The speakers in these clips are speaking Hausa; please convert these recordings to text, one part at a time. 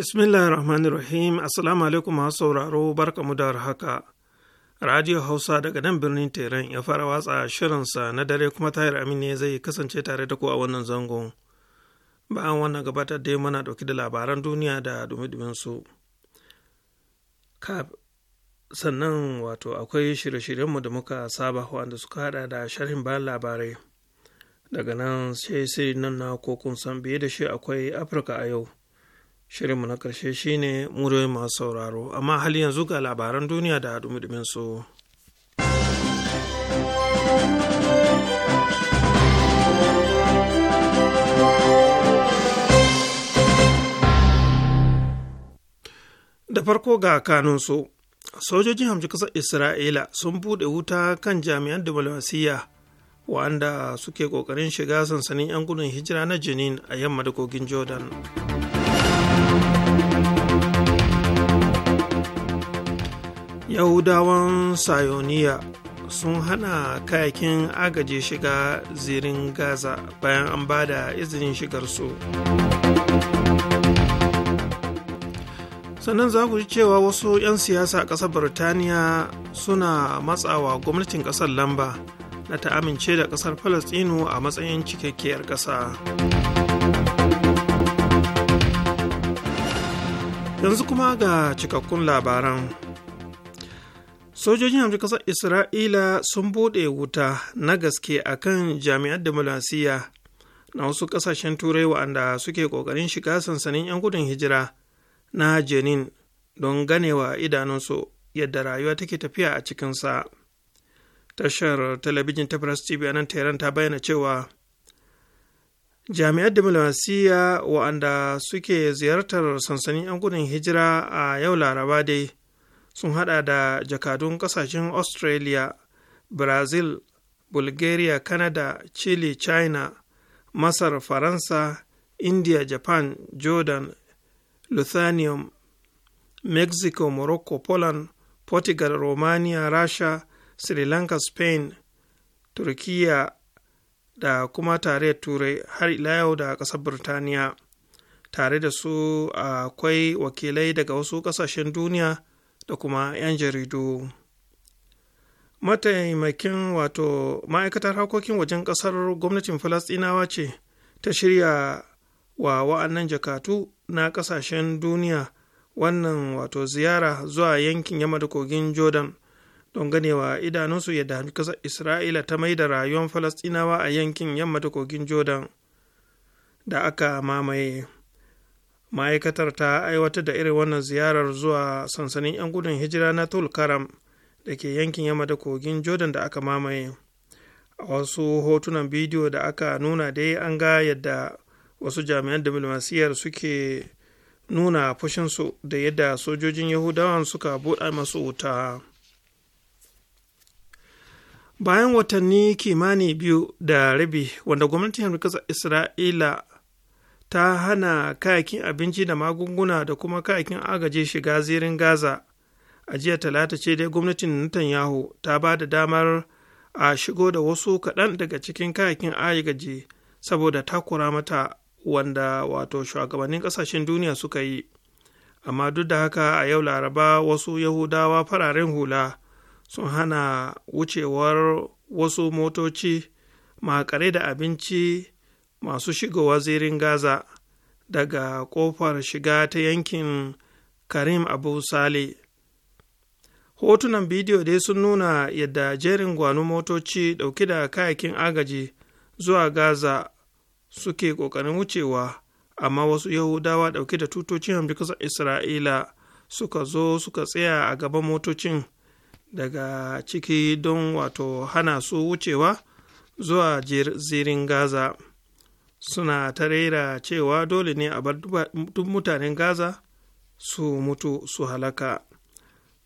Bismillahi rahmanir rahim Assalamu alaikum masu sauraro barka mu da haka. Radio Hausa daga nan birnin Teran ya fara watsa shirinsa na dare kuma Tahir Amin ne zai kasance tare da ku a wannan zangon. Bayan wannan gabatar dai muna ɗauki da labaran duniya da dumi su. Sannan wato akwai shirye-shiryenmu da muka saba wanda suka hada da sharhin bayan labarai. Daga nan sai sai nan na kokun san biye da shi akwai Afirka a yau. shirin mu na ƙarshe shine muryoyi masu sauraro, amma hali yanzu ga labaran duniya da dumi su. Da farko ga su sojojin hamshi ƙasar Isra'ila sun buɗe wuta kan jami'an diplomasiyya wanda suke ƙoƙarin shiga sansanin 'yan gudun hijira na Jenin a yamma da kogin Jordan. yahudawan sayoniya sun hana kayakin agaji shiga zirin gaza bayan an ba da izinin shigarsu sannan za ku ji cewa wasu 'yan siyasa a ƙasar Burtaniya suna matsawa gwamnatin ƙasar lamba na ta amince da ƙasar falastinu a matsayin cikakkiyar ƙasa yanzu kuma ga cikakkun labaran sojojin amurka ƙasar isra'ila sun buɗe wuta na gaske a kan jami'ar dimulasiya na wasu ƙasashen turai wa'anda suke ƙoƙarin shiga sansanin 'yan gudun hijira na jenin don ganewa idanunsu yadda rayuwa take tafiya a cikinsa tashar talabijin ta press tv a nan tehran ta bayyana cewa jami'ar dimulasiya wa'anda suke ziyartar sansanin 'yan gudun hijira a yau laraba dai sun hada da jakadun kasashen australia brazil bulgaria canada chile china masar faransa india japan jordan lithuanium mexico morocco poland portugal romania russia sri lanka spain turkiya da kuma tare turai har ila yau da ƙasar birtaniya tare da su akwai wakilai daga wasu ƙasashen duniya da kuma 'yan jaridu mataimakin wato ma'aikatar harkokin wajen ƙasar gwamnatin falastinawa ce ta shirya wa wa'annan jakatu na ƙasashen duniya wannan wato ziyara zuwa yankin yamma da kogin jordan don ganewa idanunsu yadda hamkasar isra'ila ta mai da rayuwar falastinawa a yankin yamma da kogin jordan da aka mamaye ma'aikatar ta aiwatar da irin wannan ziyarar zuwa sansanin 'yan gudun hijira na tul karam da ke yankin yamma da kogin jordan da aka mamaye a wasu hotunan bidiyo da aka nuna dai an ga yadda wasu jami'an diplomasiyar suke nuna fushinsu da yadda sojojin yahudawan suka buɗa masu wuta bayan watanni kimani biyu da rabi wanda gwamnatin amurka isra'ila ta hana kayakin abinci da magunguna da kuma kayakin agaji shiga zirin gaza a jiya talata ce dai gwamnatin netanyahu ta ba da damar a shigo da wasu kaɗan daga cikin kayakin agaji saboda takura mata wanda wato shugabannin ƙasashen duniya suka yi amma duk da haka a yau laraba wasu yahudawa fararen hula sun hana wucewar wasu motoci makare da abinci masu shigowa zirin gaza daga ƙofar shiga ta yankin karim abu sale hotunan bidiyo dai sun nuna yadda jerin gwanu motoci ɗauki da kayakin agaji zuwa gaza suke ƙoƙarin wucewa amma wasu yahudawa ɗauke da tutocin hamdukasar isra'ila suka zo suka tsaya a gaban motocin daga ciki don wato hana su wucewa zuwa zirin gaza suna ta raira cewa dole ne a bar duk mutanen gaza su mutu su halaka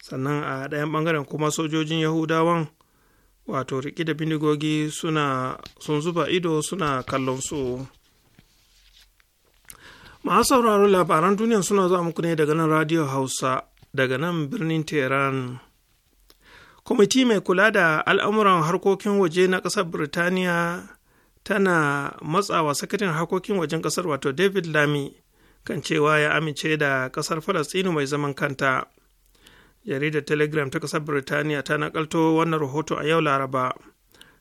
sannan a ɗayan ɓangaren kuma sojojin yahudawan wato riƙe da bindigogi suna sun zuba ido suna kallon su masu sauraro labaran duniya suna zuwa muku ne daga nan radio hausa daga nan birnin tehran kwamiti mai kula da al'amuran harkokin waje na ƙasar birtaniya tana matsawa sakataren harkokin wajen kasar wato david lami kan cewa ya amince da kasar falastinu mai zaman kanta jaridar telegram ta kasar birtaniya ta nakalto wannan rahoto a yau laraba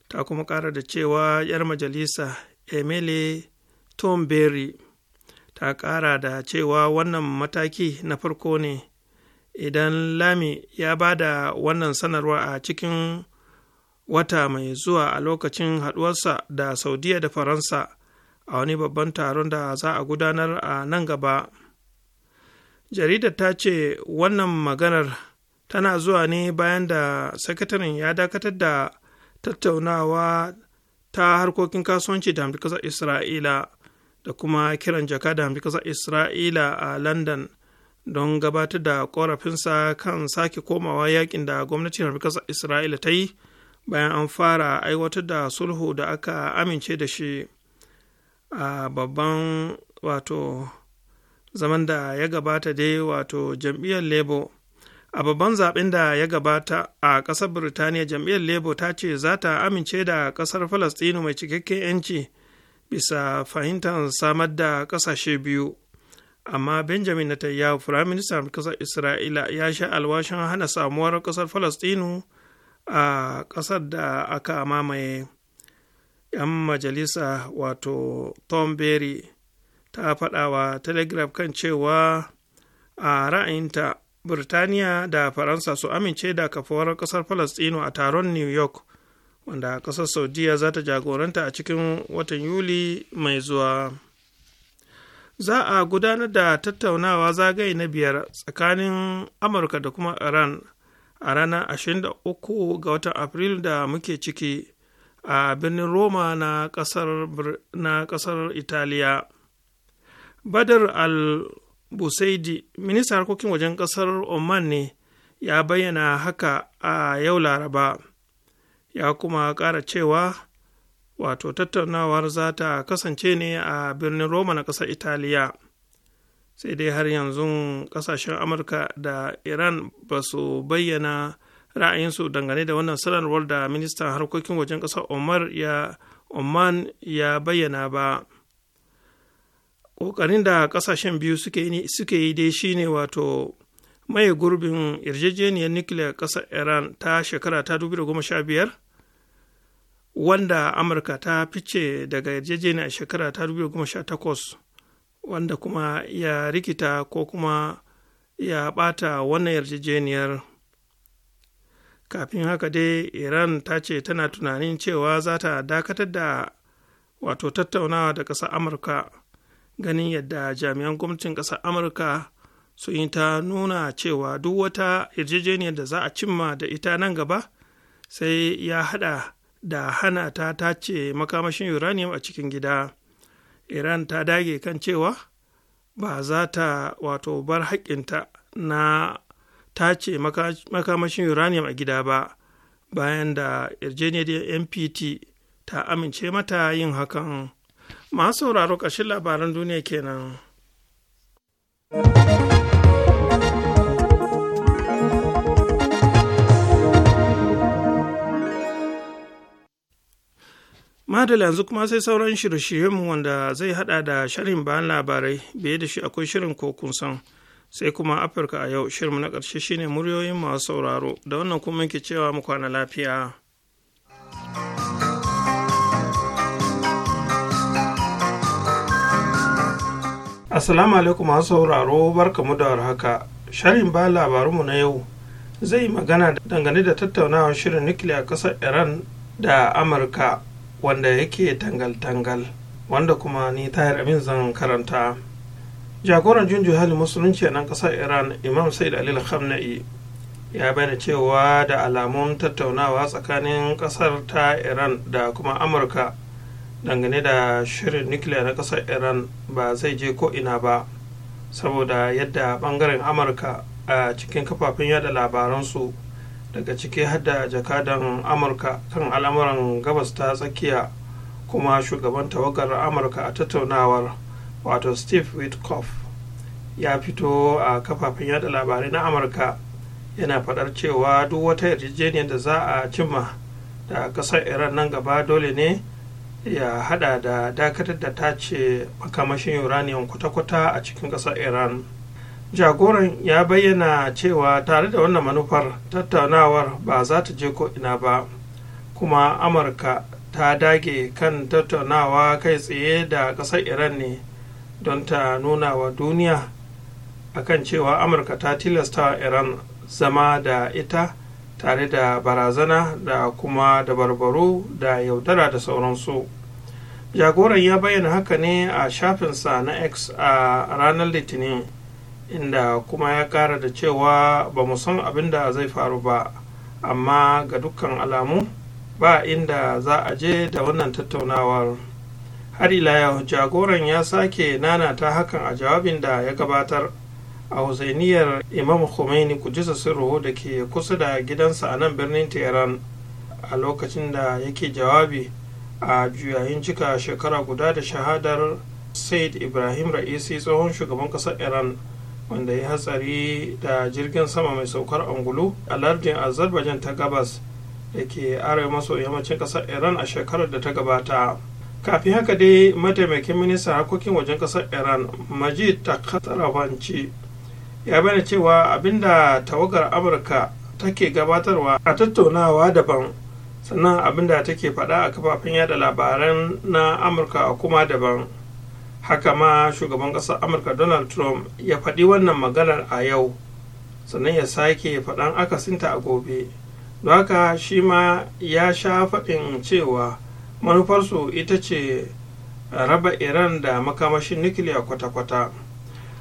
ta kuma kara da cewa yar majalisa emily tomberry ta kara da cewa wannan mataki na farko ne idan lami ya ba da wannan sanarwa a cikin wata mai zuwa a lokacin haduwarsa da saudiya da faransa a wani babban taron da za a gudanar a nan gaba jaridar ta ce wannan maganar tana zuwa ne bayan da sakataren ya dakatar da tattaunawa ta harkokin kasuwanci da kasar isra'ila da kuma kiran jaka da kasar isra'ila a london don gabatar da korafinsa kan sake komawa yakin da gwamnatin kasar isra'ila ta yi bayan an fara aiwatar da sulhu da aka amince da shi a babban wato zaman da ya gabata dai wato jam'iyyar labour a babban zaben da ya gabata a ƙasar birtaniya jam'iyyar labour ta ce za ta amince da ƙasar falastinu mai cikakken 'yanci bisa fahimtar samar da ƙasashe biyu amma benjamin na netanyahu firaministan ƙasar isra'ila ya sha alwashin hana samuwar ƙasar falastinu a ƙasar da aka mamaye 'yan majalisa wato tom berry ta faɗawa telegraph kan cewa a ra'ayinta Birtaniya da Faransa su amince da kafuwar ƙasar Falastinu a taron New York, wanda ƙasar Saudiya za ta jagoranta a cikin watan Yuli mai zuwa. Za a gudanar da tattaunawa zagaye na biyar tsakanin Amurka da kuma Iran a ranar 23 ga watan Afrilu da muke ciki a birnin Roma na kasar Italiya. Badar al-Busaidi, ministan harkokin wajen kasar Oman ne, ya bayyana haka a yau Laraba, ya kuma kara cewa wato tattaunawar za ta kasance ne a birnin Roma na kasar Italiya. sai dai har yanzu kasashen amurka da iran ba su bayyana ra'ayinsu dangane da wannan sanarwar da ministan harkokin wajen ƙasar omar ya oman ya bayyana ba ƙoƙarin da ƙasashen biyu suke yi dai shine wato mai gurbin yarjejeniyar nuclear ƙasar iran ta shekara ta 2015 wanda amurka ta fice daga yarjejeniyar shekara ta 2018 wanda kuma ya rikita ko kuma ya ɓata wannan yarjejeniyar kafin haka dai iran ta ce tana tunanin cewa za ta dakatar da wato tattaunawa da ƙasar amurka ganin yadda jami'an gwamnatin ƙasar amurka sun yi ta nuna cewa duk wata yarjejeniyar da za a cimma da ita nan gaba sai ya hada da hana ta tace makamashin uranium a cikin gida iran ta dage kan cewa ba za ta wato bar haƙƙinta na tace makamashin uranium a gida ba bayan da yarjejeniyar npt ta amince mata yin hakan masu sauraro ƙarshen labaran duniya kenan. madala yanzu kuma sai sauran shirye-shiryenmu wanda zai hada da shirin bayan labarai biye da shi akwai shirin ko san sai kuma afirka a yau shirin na karshe shine muryoyin masu sauraro da wannan kuma yake cewa mu kwana lafiya assalamu alaikum masu sauraro barkamu da warhaka sharhin bayan labarunmu na yau zai magana dangane da tattaunawar shirin nukiliya ƙasar iran da amurka wanda yake tangal-tangal wanda kuma ni tahir amin zan karanta jagoran junju hali musulunci a nan ƙasar iran imam said alil khamna'i ya bayyana cewa da alamun tattaunawa tsakanin ƙasar ta iran da kuma amurka dangane da shirin nukiliya na ƙasar iran ba zai je ko ina ba saboda yadda ɓangaren amurka a cikin kafafen yada labaransu daga ciki hada jakadan amurka kan al'amuran gabas ta tsakiya kuma shugaban tawagar amurka a tattaunawar wato steve witkoff ya fito a kafafen yada labarai na amurka yana faɗar cewa duk wata yarjejeniyar da za a cimma da ƙasar iran nan gaba dole ne ya hada da dakatar da ta ce makamashin uranium kwata-kwata a cikin ƙasar iran jagoran ya bayyana cewa tare da wannan manufar tattaunawar ba za ta je ina ba kuma amurka ta dage kan tattaunawa kai tsaye da ƙasar iran ne don ta nuna wa duniya akan cewa amurka ta tilasta iran zama da ita tare da barazana da kuma dabarbaru da yaudara da sauransu jagoran ya bayyana haka ne a shafinsa na x a ranar litinin inda kuma ya kara da cewa ba mu san abin da zai faru ba amma ga dukkan alamu ba inda za a je da wannan tattaunawar har ila yau jagoran ya sake nanata hakan a jawabin da ya gabatar a husainiyar imam khomeini kujisa sirruhu da ke kusa da gidansa a nan birnin tehran a lokacin da yake jawabi a juyayin cika shekara guda da shahadar said ibrahim ra'isi tsohon shugaban ƙasar iran wanda ya hatsari da jirgin sama mai saukar angulu a lardin azerbaijan ta gabas da ke arewa maso yammacin kasar iran a shekarar da ta gabata kafin haka dai mataimakin ministan harkokin wajen kasar iran majid takatarabanci ya bayyana cewa abinda tawagar amurka take gabatarwa a tattaunawa daban sannan abinda take faɗa a kafafen yada labaran na amurka kuma daban haka ma shugaban ƙasar amurka donald trump ya faɗi wannan maganar a yau sannan ya sake faɗan akasinta a gobe don haka shi ma ya sha faɗin cewa manufarsu ita ce raba iran da makamashin nukiliya kwata-kwata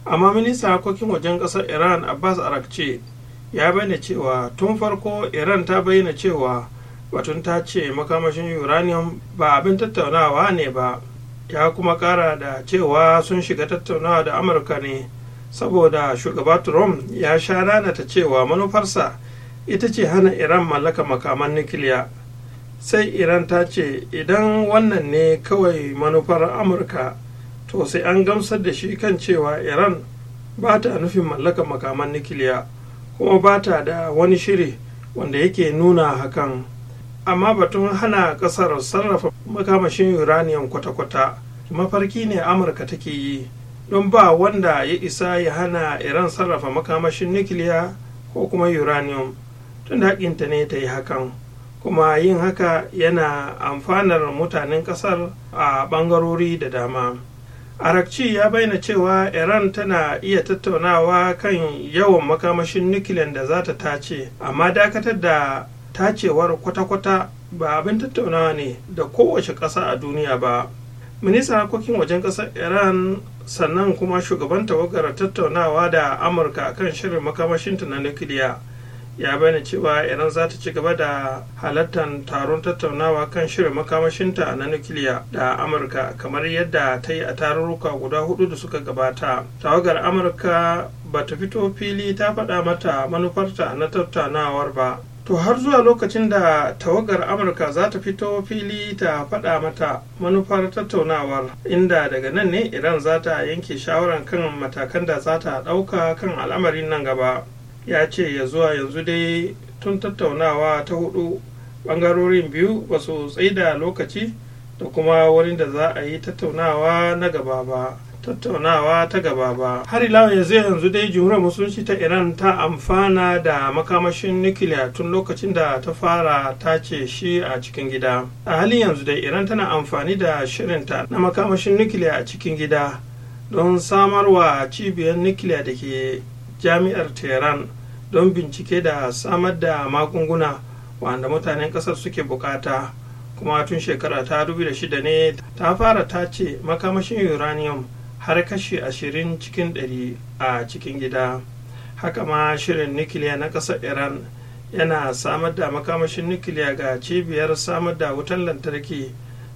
amma minista harkokin wajen ƙasar iran abbas arakce ya bayyana cewa tun farko iran ta bayyana cewa batun ta ce makamashin uranium ba abin tattaunawa ne ba ya kuma kara da cewa sun shiga tattaunawa da amurka ne saboda shugaba trump ya sha ta cewa manufarsa ita ce hana iran mallaka makaman nukiliya sai iran ta ce idan wannan ne kawai manufar amurka to sai an gamsar da shi kan cewa iran ba ta nufin mallaka makaman nukiliya kuma ba ta da wani shiri wanda yake nuna hakan. amma batun hana kasar sarrafa makamashin uranium kwata-kwata mafarki ne amurka take yi don ba wanda ya isa ya hana iran sarrafa makamashin nukiliya ko kuma uranium tun haƙinta ne ta yi hakan kuma yin haka yana amfanar mutanen kasar a ɓangarori da dama arakci ya bayyana cewa iran tana iya tattaunawa kan yawan makamashin nukiliyan da za ta tace amma dakatar da tacewar kwata-kwata ba abin tattaunawa ne da kowace ƙasa a duniya ba ministan harkokin wajen ƙasar iran sannan kuma shugaban tawagar tattaunawa da amurka akan shirin makamashinta na nukiliya ya bayyana cewa iran za ta ci gaba da halartar taron tattaunawa kan shirin makamashinta na nukiliya da amurka kamar yadda ta yi a tarurruka guda hudu da suka gabata tawagar amurka ba ta fito fili ta faɗa mata manufarta na tattaunawar ba to har zuwa lokacin da tawagar amurka za ta fito fili ta faɗa mata manufar tattaunawar inda daga nan ne iran za ta yanke shawaran kan matakan da za ta ɗauka kan al'amarin nan gaba ya ce ya zuwa yanzu dai tun tattaunawa ta hudu ɓangarorin biyu ba su tsaida lokaci da kuma wurin da za a yi tattaunawa na gaba ba. tattaunawa ta gaba ba har ila yanzu yanzu dai jumhuriyar musulunci ta iran ta amfana da makamashin nukiliya tun lokacin da ta fara tace shi a cikin gida a halin yanzu dai iran tana amfani da shirinta na makamashin nukiliya a cikin gida don samarwa cibiyar nukiliya da ke jami'ar tehran don bincike da samar da magunguna wanda mutanen kasar suke bukata kuma tun shekara ta shida ne ta fara tace makamashin uranium har kashi ashirin cikin ɗari a cikin gida haka ma shirin nukiliya na ƙasar iran yana samar da makamashin nukiliya ga cibiyar samar da wutan lantarki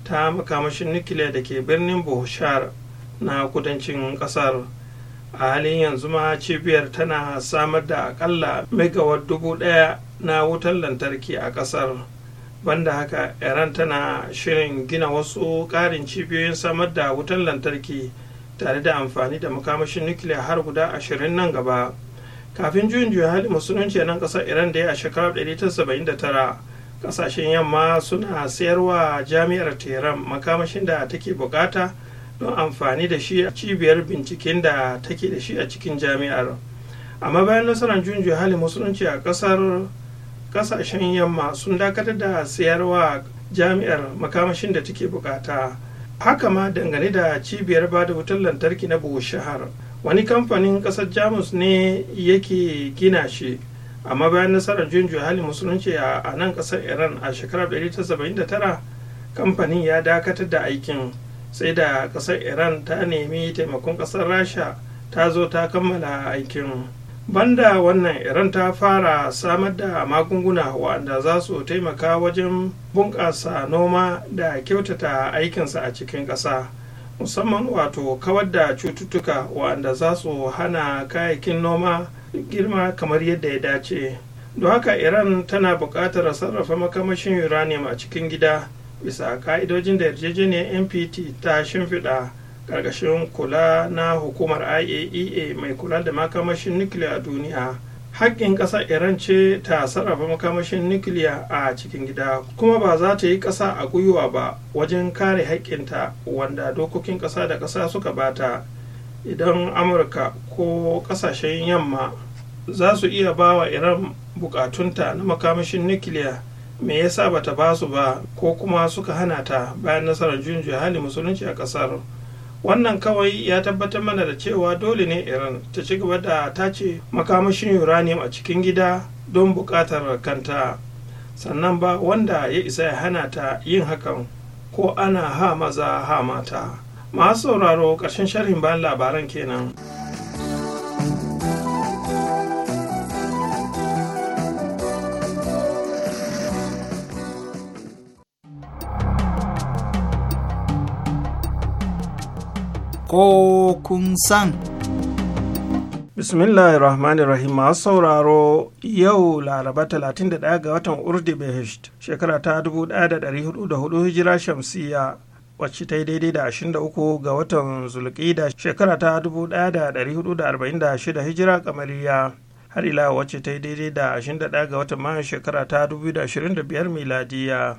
ta makamashin nukiliya da ke birnin bohushar na kudancin ƙasar a halin yanzu ma cibiyar tana samar da akalla megawar dubu ɗaya na wutan lantarki a ƙasar banda haka iran tana shirin gina wasu ƙarin cibiyoyin samar da wutan lantarki tare da amfani da makamashin nukiliya har guda ashirin nan gaba kafin juyin juya hali musulunci nan kasar iran da ya a shekarar 1979 kasashen yamma suna sayarwa jami'ar tehran makamashin da take bukata don amfani da shi a cibiyar binciken da take da shi a cikin jami'ar amma bayan nasarar juyin juya hali musulunci a kasar kasashen yamma sun dakatar da sayarwa jami'ar makamashin da take bukata haka ma dangane da cibiyar ba da wutar lantarki na bushahar wani kamfanin kasar jamus ne yake gina shi amma bayan nasarar juyin hali musulunci a nan kasar iran a shekarar 1979 kamfanin ya dakatar da aikin sai da kasar iran ta nemi taimakon kasar rasha ta zo ta kammala aikin banda wannan iran ta fara samar da magunguna waɗanda za su taimaka wajen bunƙasa noma da kyautata aikinsa a cikin ƙasa musamman wato kawar da cututtuka waɗanda za su hana kayayyakin noma girma kamar yadda ya dace don haka iran tana buƙatar sarrafa makamashin uranium a cikin gida bisa ka'idojin da yarjejeniyar npt ta shimfiɗa ƙarƙashin kula na hukumar iaea e mai kula da makamashin nukiliya a duniya haƙƙin ƙasa iran ce ta sarrafa makamashin nukiliya a cikin gida kuma ba za ta yi ƙasa a gwiwa ba wajen kare haƙƙinta wanda dokokin ƙasa da ƙasa suka bata idan amurka ko ƙasashen yamma za su iya ba wa iran buƙatunta na makamashin nukiliya me yasa bata ba su ba ko kuma suka hana ta bayan nasarar juyin hali musulunci a ƙasar wannan kawai ya tabbatar mana da cewa dole ne iran ta ci gaba da tace makamashin uranium a cikin gida don buƙatar kanta sannan ba wanda ya isa ya hana ta yin hakan ko ana ha maza ha mata masu sauraro ƙarshen sharhin bayan labaran kenan. ko kun san. bismillahir rahmanir rahim masu sauraro yau laraba 31 ga watan Urdi urdibehisht shekara ta 1404 hijira shamsiya wacce ta yi daidai da 23 ga watan Zulqida shekara ta 1446 hijira kamariya har ila wacce ta yi daidai da 21 ga watan Mayu shekara ta 2025 miladiya.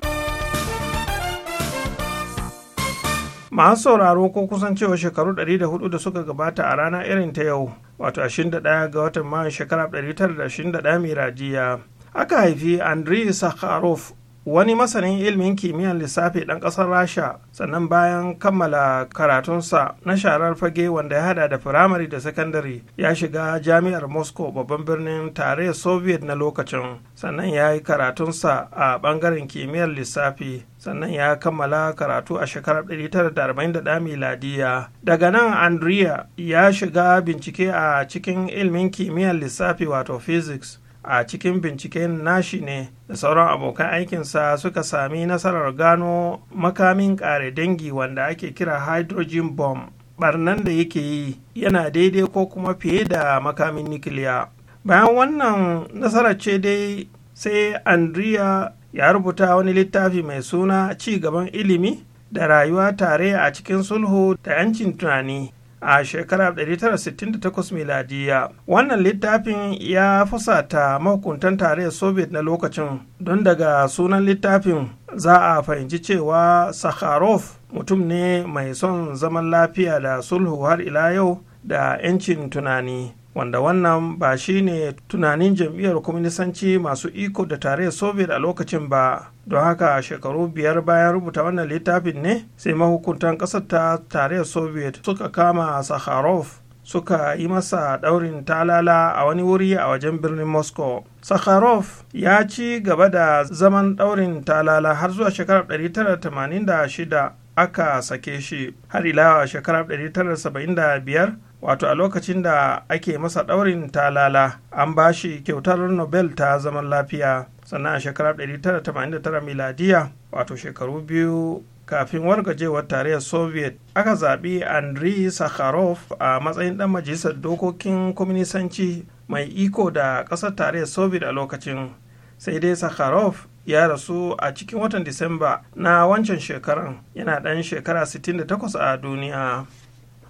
masu sauraro ko kusan cewa shekaru 104 da suka gabata a rana irin ta yau wato 21 ga watan mayu shekara 1921 miradiya aka haifi Andrey sakharov wani masanin ilimin kimiyyar lissafi ɗan ƙasar rasha sannan bayan kammala karatunsa na sharar fage wanda ya hada da firamare da sakandare ya shiga jami'ar moscow babban birnin tarayyar soviet na lokacin sannan ya yi karatunsa a ɓangaren kimiyyar lissafi sannan ya kammala karatu a shekarar 1941 miladiya daga nan andrea ya shiga bincike a cikin ilmin kimiyyar lissafi wato physics a cikin binciken nashi ne da sauran abokan aikinsa suka sami nasarar gano makamin kare dangi wanda ake kira hydrogen bomb barnan da yake yi yana daidai ko kuma fiye da makamin nukiliya. bayan wannan nasarar ce dai sai andrea ya rubuta wani littafi mai suna ci gaban ilimi da rayuwa tare a cikin sulhu da 'yancin tunani a shekara 1968 miladiya wannan littafin ya fusata mahukuntan tarayyar soviet na lokacin don daga sunan littafin za a fahimci cewa sakharov mutum ne mai son zaman lafiya da sulhu har ila yau da 'yancin tunani wanda wannan ba shi ne tunanin jam'iyyar kwaminisanci masu iko da tarayyar soviet a lokacin ba don haka shekaru biyar bayan rubuta wannan littafin ne sai mahukuntan ƙasar ta tarayyar soviet suka kama sakharov suka yi masa ɗaurin talala a wani wuri a wajen birnin moscow sakharov ya ci gaba da zaman ɗaurin talala har zuwa shekarar 1986 aka sake shi har ila shekarar 1975 wato a lokacin da ake masa ɗaurin talala an ba shi kyautar nobel ta zaman lafiya sannan a shekarar 1989 miladiya wato shekaru biyu kafin wargajewar tarayyar soviet aka zaɓi andriy sakharov a matsayin ɗan majalisar dokokin kwaminisanci mai iko da ƙasar tarayyar soviet a lokacin sai dai sakharov ya rasu a cikin watan disamba na wancan shekaran yana ɗan shekara 68 a duniya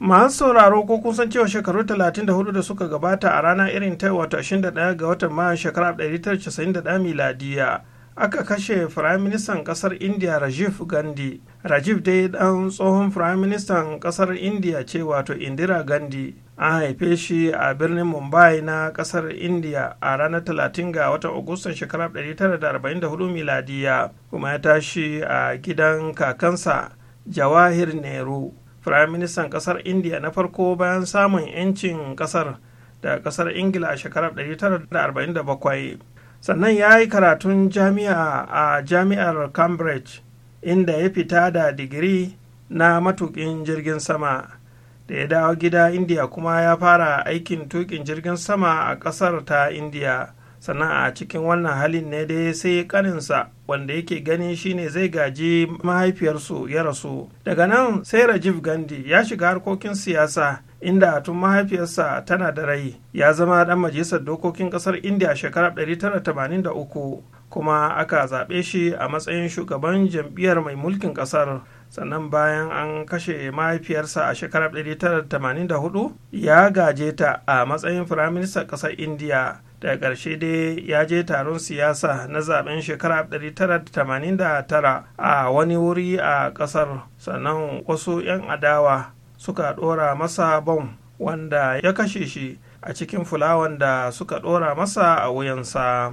masu sauraro ko kun san cewa shekaru 34 da suka gabata a rana irin ta wato 21 ga watan mayan shekarar 1991 miladiya aka kashe firaministan kasar india rajiv gandhi rajiv dai dan tsohon firaministan kasar india ce wato indira gandhi an haife shi a birnin mumbai na kasar india a ranar 30 ga watan agustan shekarar 1944 miladiya kuma ya tashi a gidan kakansa jawahir nehru firayim ministan kasar india na farko bayan samun 'yancin ƙasar da ƙasar ingila a shekarar 1947 sannan ya yi karatun jami'a a jami'ar cambridge inda ya fita da digiri na matukin jirgin sama da ya dawo gida india kuma ya fara aikin tukin jirgin sama a ƙasar ta india sannan a cikin wannan halin ne dai sai kaninsa wanda yake gani shine zai gaji mahaifiyarsu ya rasu daga nan sai rajiv gandhi ya shiga harkokin siyasa inda tun mahaifiyarsa tana da rai ya zama dan majalisar dokokin kasar india shekarar 1983 kuma aka zaɓe shi a matsayin shugaban jam'iyyar mai mulkin kasar sannan bayan an kashe mahaifiyarsa a shekarar 1984 ya gaje ta a matsayin firaministan ƙasar india da ƙarshe dai ya je taron siyasa na zaben shekara 1989 a wani wuri a ƙasar sannan wasu 'yan adawa suka ɗora masa bom wanda ya kashe shi a cikin fulawan da suka ɗora masa a wuyansa.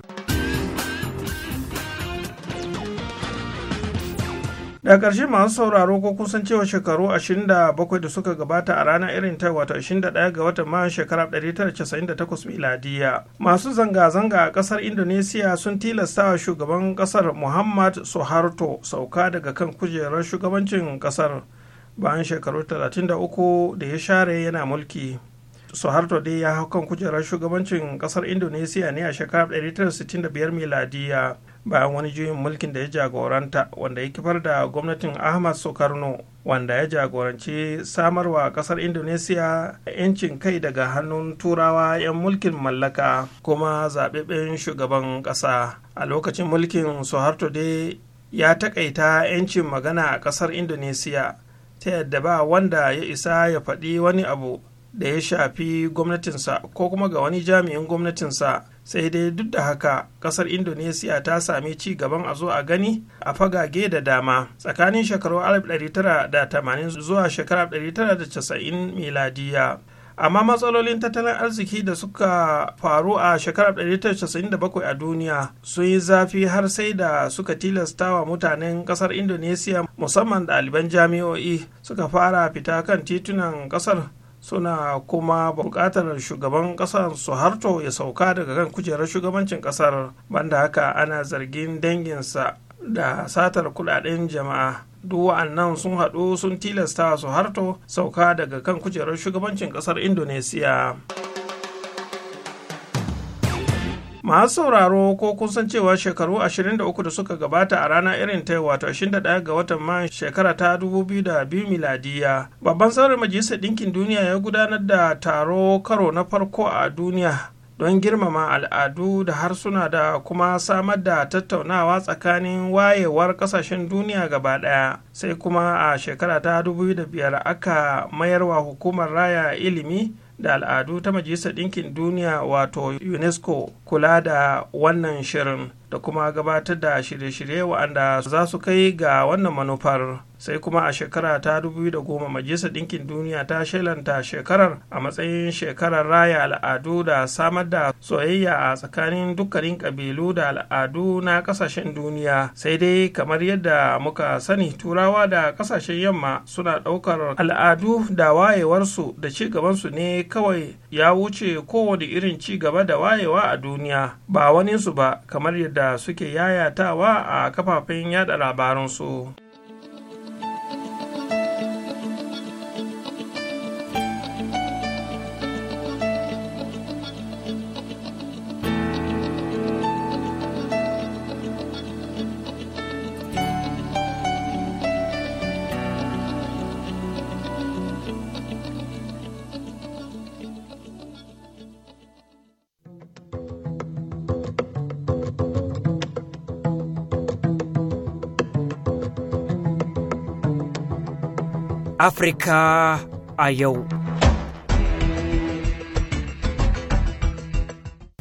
da ƙarshe masu sauraro ko kusan cewa shekaru 27 da suka gabata a ranar irin ta wato 21 ga watan mayan shekara 1998 miladiya masu zanga-zanga a ƙasar indonesiya sun tilastawa shugaban ƙasar muhammad suharto sauka daga kan kujerar shugabancin ƙasar bayan shekaru 33 da ya share yana mulki suharto dai ya hau kan kujerar shugabancin ƙasar indonesiya ne a shekarar 1965 miladiya bayan wani juyin mulkin da ya jagoranta wanda ya kifar da gwamnatin ahmad sokarno wanda ya jagoranci samarwa kasar indonesiya yancin kai daga hannun turawa 'yan mulkin mallaka kuma zaɓaɓɓen shugaban ƙasa a lokacin mulkin suharto dai ya taƙaita 'yancin magana a ƙasar Indonesia, ta yadda ba wanda ya isa ya faɗi wani abu da ya shafi gwamnatinsa ko kuma ga wani jami'in gwamnatinsa sai dai duk da haka kasar indonesiya ta sami ci gaban a zo a gani a fagage da dama tsakanin shekaru 1980 zuwa shekara 1990 miladiya amma matsalolin tattalin arziki da suka faru a shekarar 1997 a duniya sun yi zafi har sai da suka tilasta wa mutanen kasar indonesiya musamman ɗaliban jami'o'i suka fara fita kan titunan kasar suna kuma buƙatar shugaban ƙasar su harto ya sauka daga kan kujerar shugabancin ƙasar banda haka ana zargin danginsa da satar kudaden jama'a duk wa'annan sun haɗu sun tilasta su harto sauka daga kan kujerar shugabancin ƙasar Indonesia. masu sauraro ko kusan cewa shekaru 23 da suka gabata a rana irin ta wato 21 ga watan mayan shekara ta 2002 miladiya babban tsarin majalisar ɗinkin duniya ya gudanar da taro karo na farko a duniya don girmama al'adu da harsuna da kuma samar da tattaunawa tsakanin wayewar kasashen duniya gaba daya sai kuma a shekara ta 2005 aka mayarwa hukumar raya ilimi da al'adu ta majalisar ɗinkin duniya wato unesco kula da wannan shirin da kuma gabatar da shirye-shirye wa'anda za su kai ga wannan manufar sai kuma a shekara ta 2010 majalisar ɗinkin duniya ta shelanta shekarar a matsayin shekarar raya al'adu da samar da soyayya a tsakanin dukkanin ƙabilu da al'adu na ƙasashen duniya sai dai kamar yadda muka sani turawa da ƙasashen yamma suna ɗaukar al'adu da wayewarsu da ci gabansu ne kawai ya wuce kowane irin ci gaba da wayewa a duniya ba waninsu ba kamar yadda suke yayatawa a kafafen yada labaransu. Afirka a yau.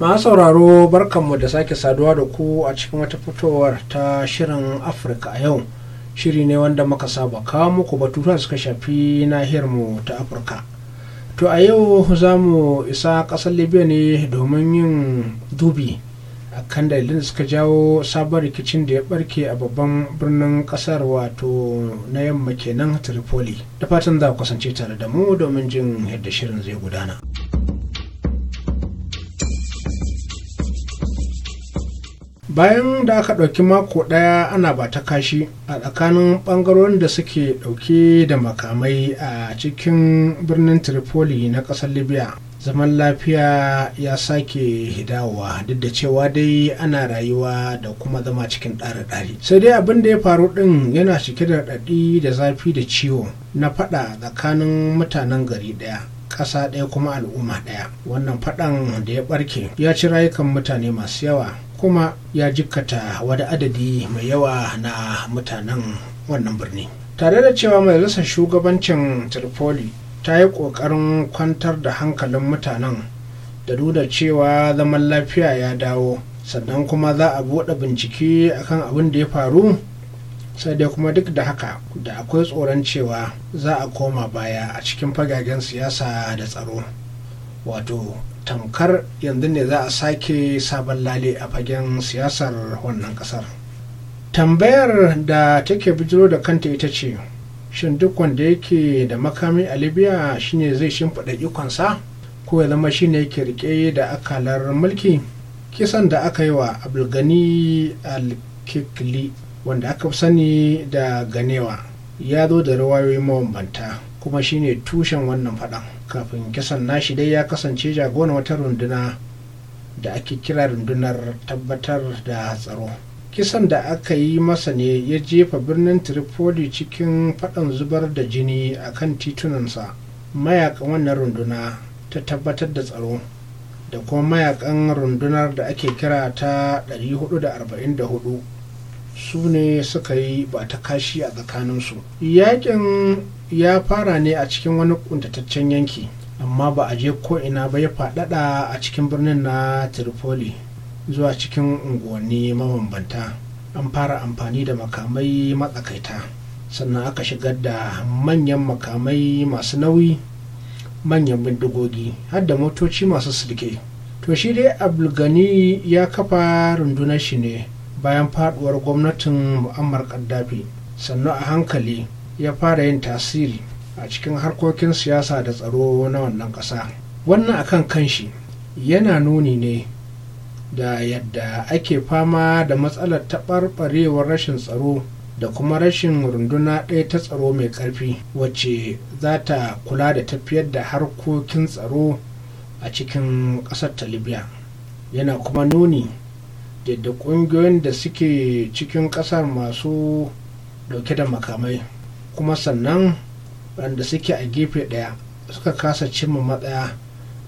Masu sauraro barkanmu da sake saduwa da ku a cikin wata fitowar ta shirin Afirka a yau. Shiri ne wanda muka saba kawo muku batutuwa suka shafi nahiyarmu ta Afirka. To a yau za mu isa ƙasar Libya ne domin yin dubi akan dalilin suka jawo sabon rikicin da ya barke a babban birnin kasar wato na yamma kenan tripoli da fatan za ku kasance tare da mu domin jin yadda shirin zai gudana bayan da aka ɗauki mako ɗaya ana ba ta kashi a tsakanin ɓangarorin da suke ɗauke da makamai a cikin birnin tripoli na ƙasar libya zaman lafiya ya sake hidawa duk da cewa dai ana rayuwa da kuma zama cikin ɗare-ɗare sai dai abin da ya faru ɗin yana cike da raɗaɗi da zafi da ciwo na faɗa tsakanin mutanen gari ɗaya ƙasa ɗaya kuma al'umma ɗaya wannan faɗan da ya ɓarke ya ci rayukan mutane masu yawa kuma ya jikkata wani adadi mai yawa na mutanen wannan birni tare da cewa majalisar shugabancin tripoli ta yi ƙoƙarin kwantar da hankalin mutanen da duda cewa zaman lafiya ya dawo sannan kuma za a buɗe bincike akan abin da ya faru sai dai kuma duk da haka da akwai tsoron cewa za a koma baya a cikin fagagen siyasa da tsaro wato tamkar yanzu ne za a sake sabon lale a fagen siyasar wannan kasar tambayar da take bijiro da kanta ita ce shin duk wanda yake da makami a libya shine zai shimfiɗa ikonsa ko ya zama shine yake rike da akalar mulki kisan da aka yi wa abulgani alkikli wanda aka fi sani da ganewa ya zo da rawayoyi mabambanta kuma shine tushen wannan faɗan kafin kisan nashi dai ya kasance jagoran wata runduna da ake kira rundunar tabbatar da tsaro kisan da aka yi masa ne ya jefa birnin tripoli cikin faɗan zubar da jini a kan titunansa mayakan wannan runduna ta tabbatar da tsaro da kuma mayakan rundunar da ake kira ta 444 su ne suka yi ba ta kashi a tsakaninsu yakin ya fara ne a cikin wani kuntataccen yanki amma ba a je ko'ina ba ya faɗaɗa a cikin birnin na tripoli zuwa cikin unguwanni mabambanta an fara amfani da makamai matsakaita sannan aka shigar da manyan makamai masu nauyi manyan bindigogi har da motoci masu silke to shi dai abulgani ya kafa rundunar shi ne bayan faduwar gwamnatin mu'ammar gaddafi sannan a hankali ya fara yin tasiri a cikin harkokin siyasa da tsaro na wannan ƙasa wannan akan kanshi yana nuni ne da yadda ake fama da matsalar taɓarɓarewar rashin tsaro da kuma rashin runduna ɗaya ta tsaro mai ƙarfi wacce za ta kula da tafiyar da harkokin tsaro a cikin ƙasar ta libya yana kuma nuni da ƙungiyoyin da suke cikin ƙasar masu ɗauke da makamai kuma sannan wanda suke a gefe ɗaya suka kasa cimma matsaya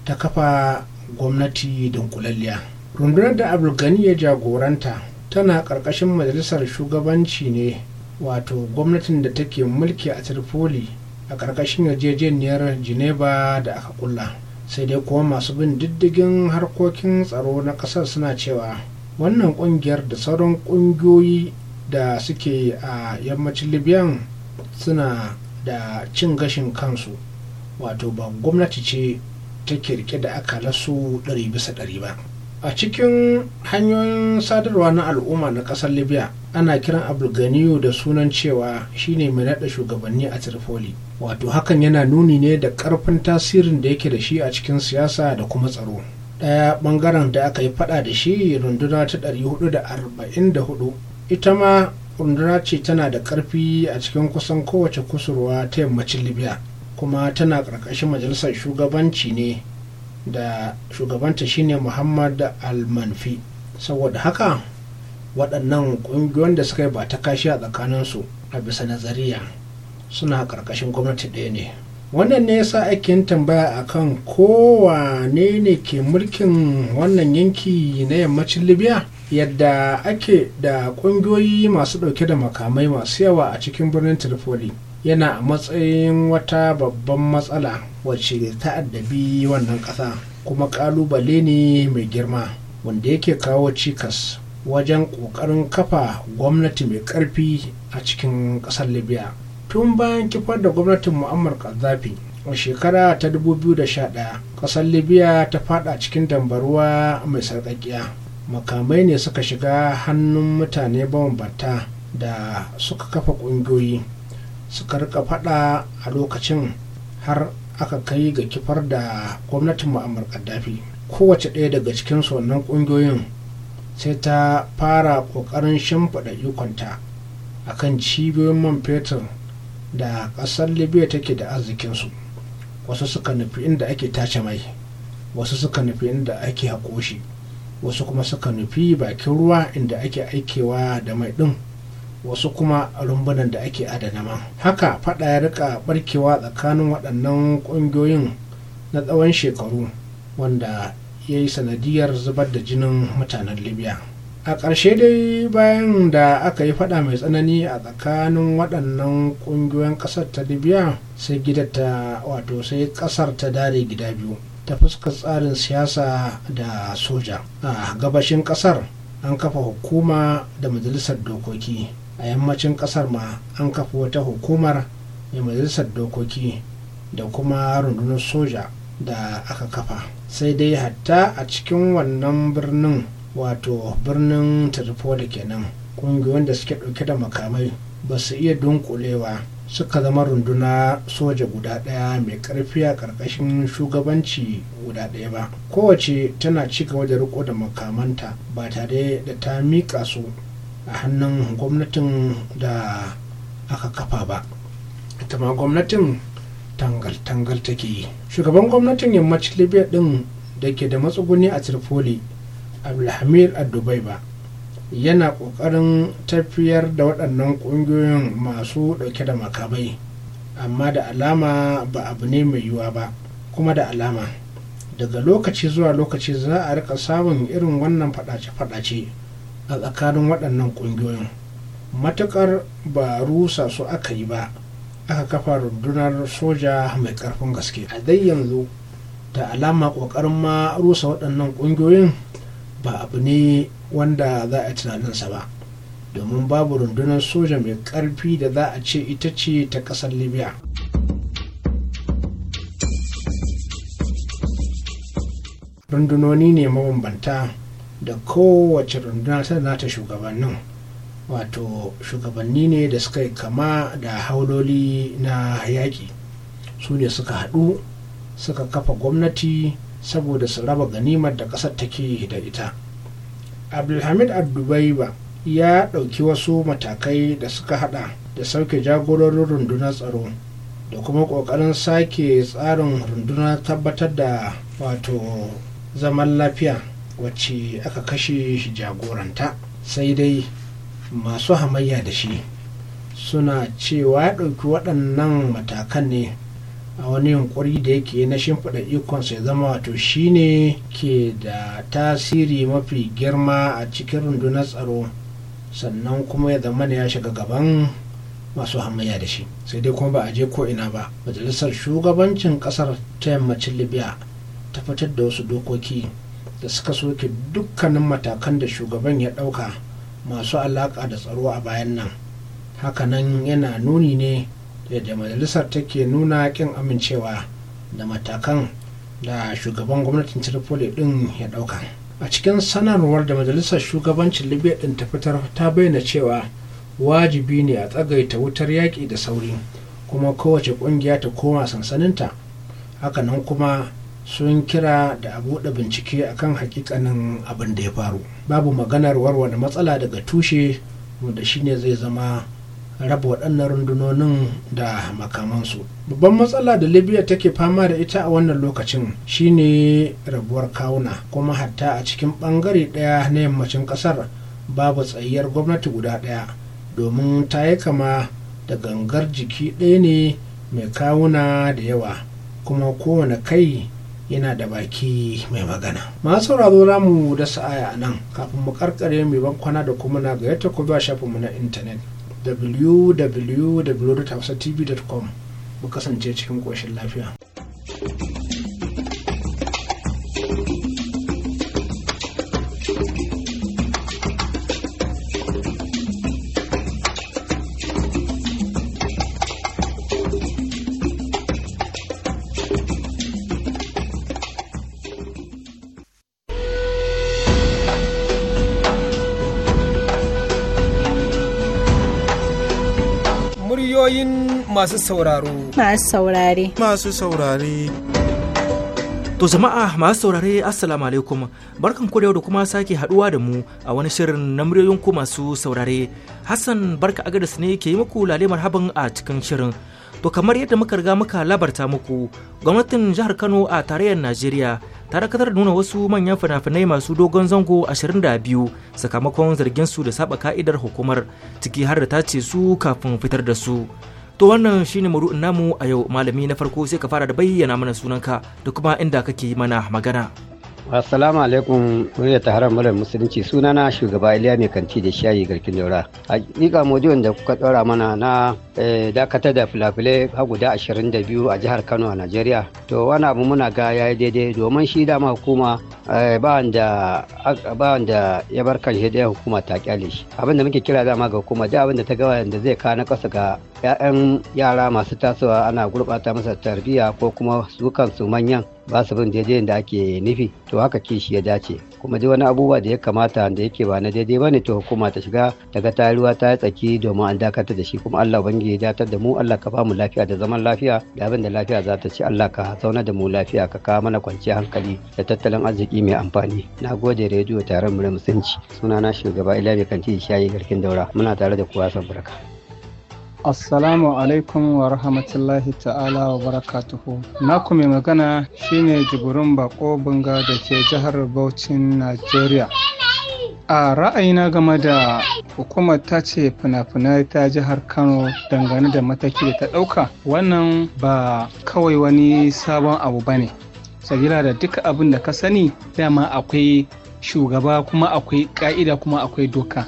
ta kafa gwamnati dunkulalliya. rundunar da gani ya jagoranta tana ƙarƙashin majalisar shugabanci ne wato gwamnatin da take mulki a tripoli a ƙarƙashin yarjejeniyar geneva da aka kulla sai dai kuma masu bin diddigin harkokin tsaro na ƙasar suna cewa wannan ƙungiyar da sauran ƙungiyoyi da suke a yammacin libyan suna da cin gashin kansu wato ba gwamnati ce ta kirke da aka lasu ɗari bisa ɗari ba a cikin hanyoyin sadarwa na al'umma na ƙasar libya ana kiran abulganiyu da sunan cewa shine mai naɗa shugabanni a tripoli wato hakan yana nuni ne da ƙarfin tasirin da yake da shi a cikin siyasa da kuma tsaro ɗaya ɓangaren da aka yi faɗa da shi runduna ta da arba'in 444 ita ma runduna ce tana da ƙarfi a cikin kusan kowace kusurwa ta yammacin libya kuma tana ƙarƙashin majalisar shugabanci ne da shugabanta shine muhammad almanfi saboda haka waɗannan ƙungiyoyin da suka yi ba ta kashi a tsakaninsu a bisa nazariya suna ƙarƙashin gwamnati ɗaya ne wannan ne yasa ake yin tambaya a akan kowane ne ke mulkin wannan yanki na yammacin libya yadda ake da ƙungiyoyi masu ɗauke da makamai masu yawa a cikin birnin tripoli yana a matsayin wata babban matsala wacce ta addabi wannan ƙasa kuma ƙalubale ne mai girma wanda yake kawo cikas wajen ƙoƙarin kafa gwamnati mai ƙarfi a cikin ƙasar libya tun bayan kifar da gwamnatin mu'ammar zafi. a shekara ta 2011 ƙasar libya ta fada cikin dambaruwa mai sarƙaƙiya makamai ne suka shiga hannun mutane bambanta da suka kafa ƙungiyoyi suka rika fada a lokacin har aka kai ga kifar da gwamnatin mu'ammar gaddafi kowace ɗaya daga cikin wannan ƙungiyoyin sai ta fara ƙoƙarin shimfiɗa ikonta a kan cibiyoyin man fetur da ƙasar libya take da arzikinsu wasu suka nufi inda ake tace mai wasu suka nufi inda ake haƙoshi wasu kuma suka nufi bakin ruwa inda ake aikewa da mai ɗin wasu kuma rumbunan da ake adana man haka fada ya rika barkewa tsakanin waɗannan ƙungiyoyin na tsawon shekaru wanda ya yi sanadiyar zubar da jinin mutanen libya a ƙarshe dai bayan da aka yi fada mai tsanani a tsakanin waɗannan ƙungiyoyin ƙasar ta libya sai gidata wato sai ƙasar ta dare gida biyu ta fuskar tsarin siyasa da soja a gabashin ƙasar an kafa hukuma da majalisar dokoki a yammacin kasar ma an kafa wata hukumar mai majalisar dokoki da kuma rundunar soja da aka kafa sai dai hatta a cikin wannan birnin wato birnin tripoli kenan ƙungiyoyin da suke ɗauke da makamai ba su iya dunkulewa suka zama runduna soja guda ɗaya mai ƙarfi a ƙarƙashin shugabanci guda ɗaya ba kowace tana ci gaba da riko da makamanta ba tare da ta miƙa su a hannun gwamnatin da aka kafa ba ita ma gwamnatin tangal-tangal take yi shugaban gwamnatin yammacin libya din da ke da matsuguni a tripoli abdulhamir dubai ba yana kokarin tafiyar da waɗannan ƙungiyoyin masu ɗauke da makamai amma da alama ba abu ne mai yiwuwa ba kuma da alama daga lokaci zuwa lokaci za a rika samun irin wannan faɗace-faɗace a tsakanin waɗannan ƙungiyoyin matuƙar ba rusa su aka yi ba aka kafa rundunar soja mai ƙarfin gaske a dai yanzu da alama ƙoƙarin ma rusa waɗannan ƙungiyoyin ba abu ne wanda za a tunaninsa ba domin babu rundunar soja mai ƙarfi da za a ce ita ce ta ƙasar libya rundunoni ne mabambanta da kowace rundunar ta nata shugabannin wato shugabanni ne da suka yi kama da hauloli na yaƙi su ne suka haɗu suka kafa gwamnati saboda su raba ganimar da ƙasar take da ita abdulhamid abdubaiba ya ɗauki wasu matakai da suka haɗa da sauke jagororin rundunar tsaro da kuma ƙoƙarin sake tsarin rundunar tabbatar da wato zaman lafiya wacce aka kashe shi jagoranta sai dai masu hamayya da shi suna cewa ya ɗauki waɗannan matakan ne a wani yunkuri da yake na shimfiɗa ikonsa ya zama wato shine ke da tasiri mafi girma a cikin rundunar tsaro sannan kuma ya zama ya shiga gaban masu hamayya da shi sai dai kuma ba a je ko'ina ba majalisar shugabancin kasar ta yammacin libya ta fitar da wasu dokoki da suka soke dukkanin matakan da shugaban ya ɗauka masu alaƙa da tsaro a bayan nan hakanan yana nuni ne yadda majalisar take nuna ƙin amincewa da matakan da shugaban gwamnatin tripoli ɗin ya ɗauka a cikin sanarwar da majalisar shugabancin libya ɗin ta fitar ta bayyana cewa wajibi ne a tsagaita wutar yaƙi da sauri kuma kowace ƙungiya ta koma sansaninta hakanan kuma sun kira da a buɗe bincike akan hakikanin abin da ya faru babu maganar warware matsala daga tushe wanda shine zai zama raba waɗannan rundunonin da makamansu babban matsala da libya take fama da ita a wannan lokacin shine rabuwar kawuna kuma hatta a cikin ɓangare ɗaya na yammacin ƙasar babu tsayyar gwamnati guda ɗaya domin ta yi kama da gangar jiki ɗaya ne mai kawuna da yawa kuma kowane kai yana da baki mai magana masu sauraro za mu da sa'aya a nan kafin mu karkare mai bankwana da kuma na gayyata ku zuwa mu na intanet www.tv.com mu kasance cikin ƙoshin lafiya. masu sauraro. Masu saurare. Masu saurare. To jama'a masu saurare assalamu alaikum barkan ku da yau da kuma sake haduwa da mu a wani shirin na muryoyin ku masu saurare Hassan barka gadas ne ke yi muku lale marhaban a cikin shirin to kamar yadda muka riga muka labarta muku gwamnatin jihar Kano a tarayyar Najeriya ta dakatar da nuna wasu manyan fina-finai masu dogon zango 22 sakamakon zargin su da saba ka'idar hukumar ciki har da ta ce su kafin fitar da su To wannan shine maru'in namu a yau malami na farko sai ka fara da bayyana mana sunanka da kuma inda kake mana magana. Assalamu alaikum muryar taharar murar musulunci sunana shugaba Iliya mai kanti da shayi garkin daura. Hakika modiyon da kuka ɗora mana na eh, dakatar da filafilai ha guda 22 a jihar Kano a Najeriya. To wani abu muna ga yayi daidai domin shi dama hukuma eh, ba wanda ya bar kan shi hukuma ta kyale shi. Abin da muke kira dama ga hukuma da abin da ta ga wanda zai kawo na kasa ga 'ya'yan yara masu tasowa ana gurɓata masa tarbiyya ko kuma su kansu manyan ba su bin daidai da ake nufi to haka kishi ya dace kuma duk wani abubuwa da ya kamata da yake ba na daidai bane to hukuma ta shiga daga ta ruwa ta tsaki domin an dakatar da shi kuma Allah bangi ya datar da mu Allah ka ba mu lafiya da zaman lafiya da abin da lafiya za ta ci Allah ka zauna da mu lafiya ka kawo mana kwanciyar hankali da tattalin arziki mai amfani na gode rediyo taron murai musunci sunana shugaba ilabi kanti shayi garkin daura muna tare da kowa san barka Assalamu alaikum wa rahmatullahi ta'ala wa barakatuhu. Naku mai magana shine jibirin bako bunga da ke jihar Bauchin, Najeriya. A ra'ayina game da hukumar ta ce fina-finai ta jihar Kano dangane da mataki da ta ɗauka, wannan ba kawai wani sabon abu ba ne. Sabila da duka abin da ka sani dama akwai shugaba kuma akwai ƙa'ida kuma akwai doka.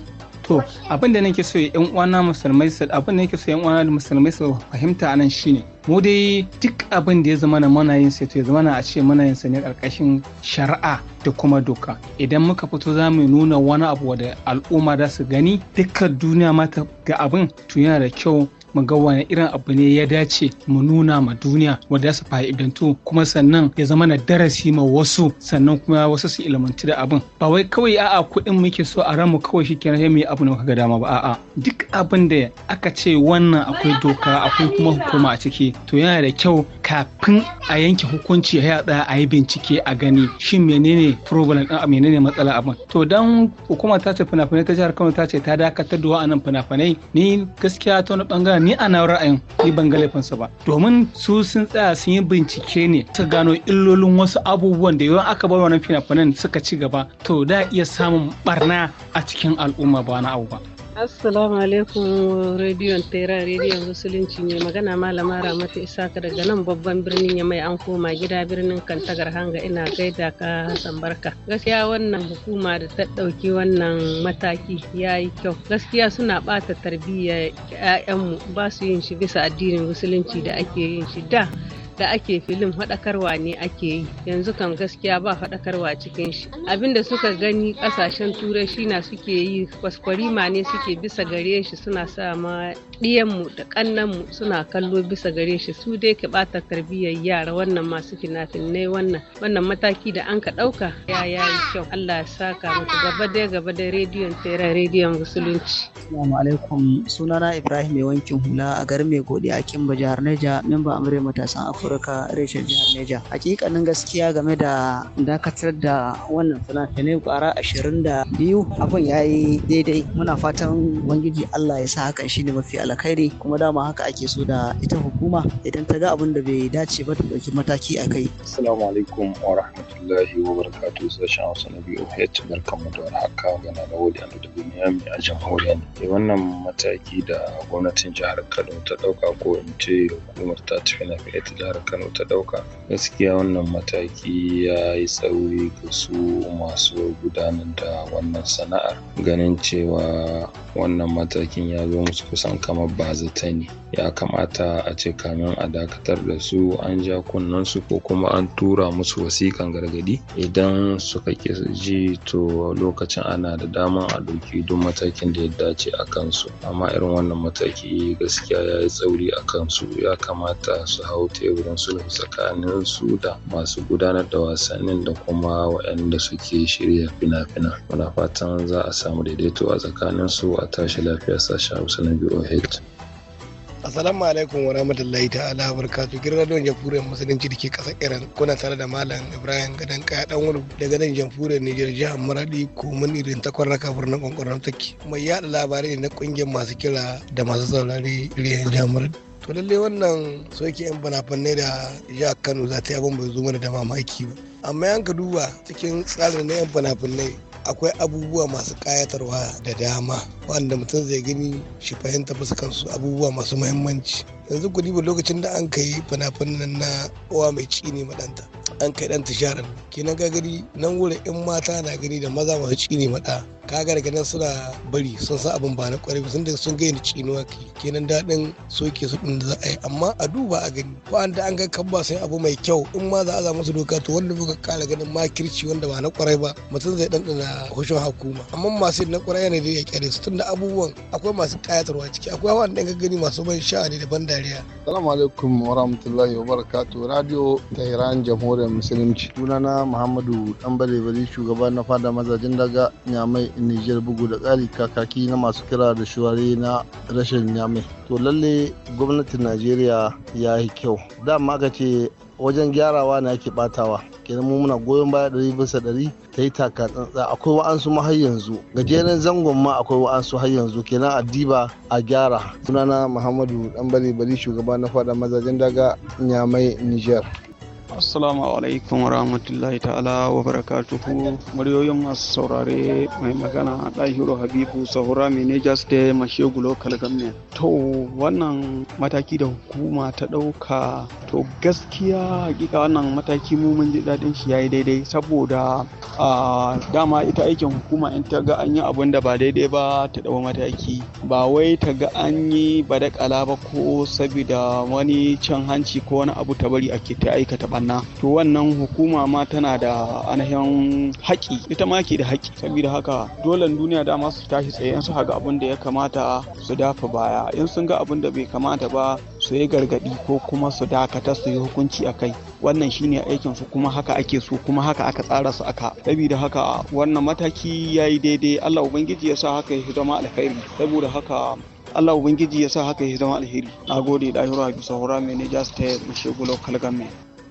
to abin da nake so yan uwana musulmai su abin da nake so yan uwana musulmai su fahimta anan shine mu dai duk abin da ya zama na mana yin sai to ya zama na a ce mana yin ne karkashin shari'a da kuma doka idan muka fito za mu nuna wani abu da al'umma za su gani dukkan duniya ma ga abin to yana da kyau mu ga wani irin abu ne ya dace mu nuna ma duniya wanda su fa'idantu kuma sannan ya zama na darasi ma wasu sannan kuma wasu su ilmanci da abin ba wai kawai a'a kuɗin muke so a ranmu kawai kenan sai mu yi abu ne ga dama ba a'a duk abin da aka ce wannan akwai doka akwai kuma hukuma a ciki to yana da kyau kafin a yanke hukunci ya tsaya a yi bincike a gani shin menene problem din menene matsala abin to dan hukuma ta ce fina-finai ta jihar Kano ta ce ta dakatar da wa'annan fina-finai ni gaskiya ta wani bangaren ni a na ra'ayin ni ban ga laifinsa ba domin su sun tsaya sun yi bincike ne ta gano illolin wasu abubuwan da yawan aka bar wannan fina-finan suka ci gaba to da iya samun barna a cikin al'umma ba na abu ba Assalamu alaikum rediyon tera rediyon musulunci ne magana malama ramatu isaka daga nan babban birnin ya mai an koma gida birnin kantagar hanga ina gaida ka hasan barka gaskiya wannan hukuma da ta ɗauki wannan mataki ya yi kyau gaskiya suna ɓata tarbiyyar 'ya'yanmu ba su yin shi bisa addinin musulunci da ake yin shi da da ake filin faɗakarwa ne ake yi yanzu kan gaskiya ba faɗakarwa cikin shi abinda suka gani ƙasashen turai shi na suke yi kwaskwarima ne suke bisa gare shi suna sa ma ɗiyanmu da ƙannanmu suna kallo bisa gare shi su dai ka ɓata tarbiyyar yara wannan masu fina-finai wannan wannan mataki da an ka ɗauka ya yi kyau Allah ya saka muku gaba dai gaba dai rediyon tera rediyon musulunci. Assalamu alaikum sunana Ibrahim mai wankin hula a garin mai godiya a Kimba jihar Neja memba amurai matasan Afirka. afirka reshen jihar neja hakikanin gaskiya game da dakatar da wannan fina-finai kwara ashirin da biyu abin ya yi daidai muna fatan ubangiji allah ya sa hakan shine mafi alkhairi kuma dama haka ake so da ita hukuma idan ta ga abin da bai dace ba ta ɗauki mataki a kai assalamu alaikum wa rahmatullahi wa barakatu sashen hausa na biyu hec barkanmu da warhaka gana na wuri an da a jamhuriyar eh, wannan mataki da gwamnatin jihar kano ta ɗauka ko in ce hukumar ta tafi na fiye ta jihar jihar kano ta ɗauka gaskiya wannan mataki ya yi tsauri ga su masu gudanar da wannan sana'ar ganin cewa wannan matakin ya zo musu kusan kamar zata ne ya kamata a ce kamin a dakatar da su an ja kunnensu ko kuma an tura musu wasikan gargadi idan suka ƙi ji to lokacin ana da dama a ɗauki duk matakin da ya dace a kansu amma irin wannan mataki gaskiya ya yi tsauri a kansu ya kamata su hau tebur teburin sulhu tsakanin su da masu gudanar da wasannin da kuma waɗanda suke shirya fina fina Muna fatan za a samu daidaito a tsakanin su a tashi lafiya sashen Hausa na BOH. Assalamu alaikum wa rahmatullahi ta'ala wa barakatu. Gidan radiyon jamhuriyar musulunci da ke ƙasar Iran kuna tare da Malam Ibrahim Gadan Kaya dan wuri daga nan jamhuriyar Nijar jihar Maradi komin irin takwar raka birnin kwankwaron take. Mai yada labarai na kungiyar masu kira da masu saurari irin jihar Maradi. to lalle wannan soke yan fina da jihar kano za ta yi abin bai zo mana da mamaki ba amma yan ka duba cikin tsarin na yan fina akwai abubuwa masu kayatarwa da dama wanda mutum zai gani shi fahimta fuskansu abubuwa masu muhimmanci yanzu ku diba lokacin da an kai fina-finan na uwa mai ciki ne maɗanta an kai ɗanta sharan kenan ka gani nan wurin in mata na gani da maza masu ciki ne maɗa ka ga daga nan suna bari sun san abin ba na kwarai sun da sun gayyana ke kenan daɗin soke su ɗin da za a yi amma a duba a gani ko an da an ga kabba sai abu mai kyau in ma za a za musu doka to wanda muka ƙara ganin makirci wanda ba na kwarai ba mutum zai ɗanɗana hushin hukuma amma masu na kwarai yana da ya ƙyare su tunda abubuwan akwai masu ƙayatarwa ciki akwai wanda ɗan gani masu ban sha'ani daban da dariya. Salamu alaikum wa rahmatullahi wa barakatuh Radio Tehran Jamhuriyar Musulunci. Sunana Muhammadu Ɗanbale Bali shugaba na fada mazajin daga Nyamai Nijar bugu da ƙari kakaki na masu kira da shuwari na rashin Nyamai. To lalle gwamnatin Najeriya ya yi kyau. ma ka ce wajen gyarawa na ake batawa kenan mu muna goyon baya ɗari bisa ɗari ta yi taka tsantsa akwai wa'ansu ma har yanzu gajeren zangon ma akwai wa'ansu har yanzu kenan a a gyara sunana muhammadu dan bale shugaba na fada mazajen daga nyamai niger Assalamu alaikum rahmatullahi ta'ala wa barakatuhu muryoyin masu saurare mai magana ɗahiro Habibu Sahura Manager State Mashegu Local Government. To wannan mataki da hukuma ta ɗauka to gaskiya hakika wannan mataki mu mun ji daɗin shi yayi daidai saboda a dama ita aikin hukuma in ta ga an yi abun da ba daidai ba ta ɗau mataki ba wai ta ga an yi badakala ba ko sabida wani cin hanci ko wani abu ta bari ake ta aikata ɓanna. barna to wannan hukuma ma tana da anahin haƙi ita ma ke da haƙi saboda haka dole duniya dama su tashi tsaye su ga abin da ya kamata su dafa baya in sun ga abin da bai kamata ba su yi gargadi ko kuma su dakata su yi hukunci a kai wannan shine aikin su kuma haka ake so kuma haka aka tsara su aka saboda haka wannan mataki yayi daidai Allah ubangiji ya sa haka ya zama alkhairi saboda haka Allah ubangiji ya sa haka ya zama alheri nagode da ayyura bisa hura mai ne just ta yi shigulo kalgan mai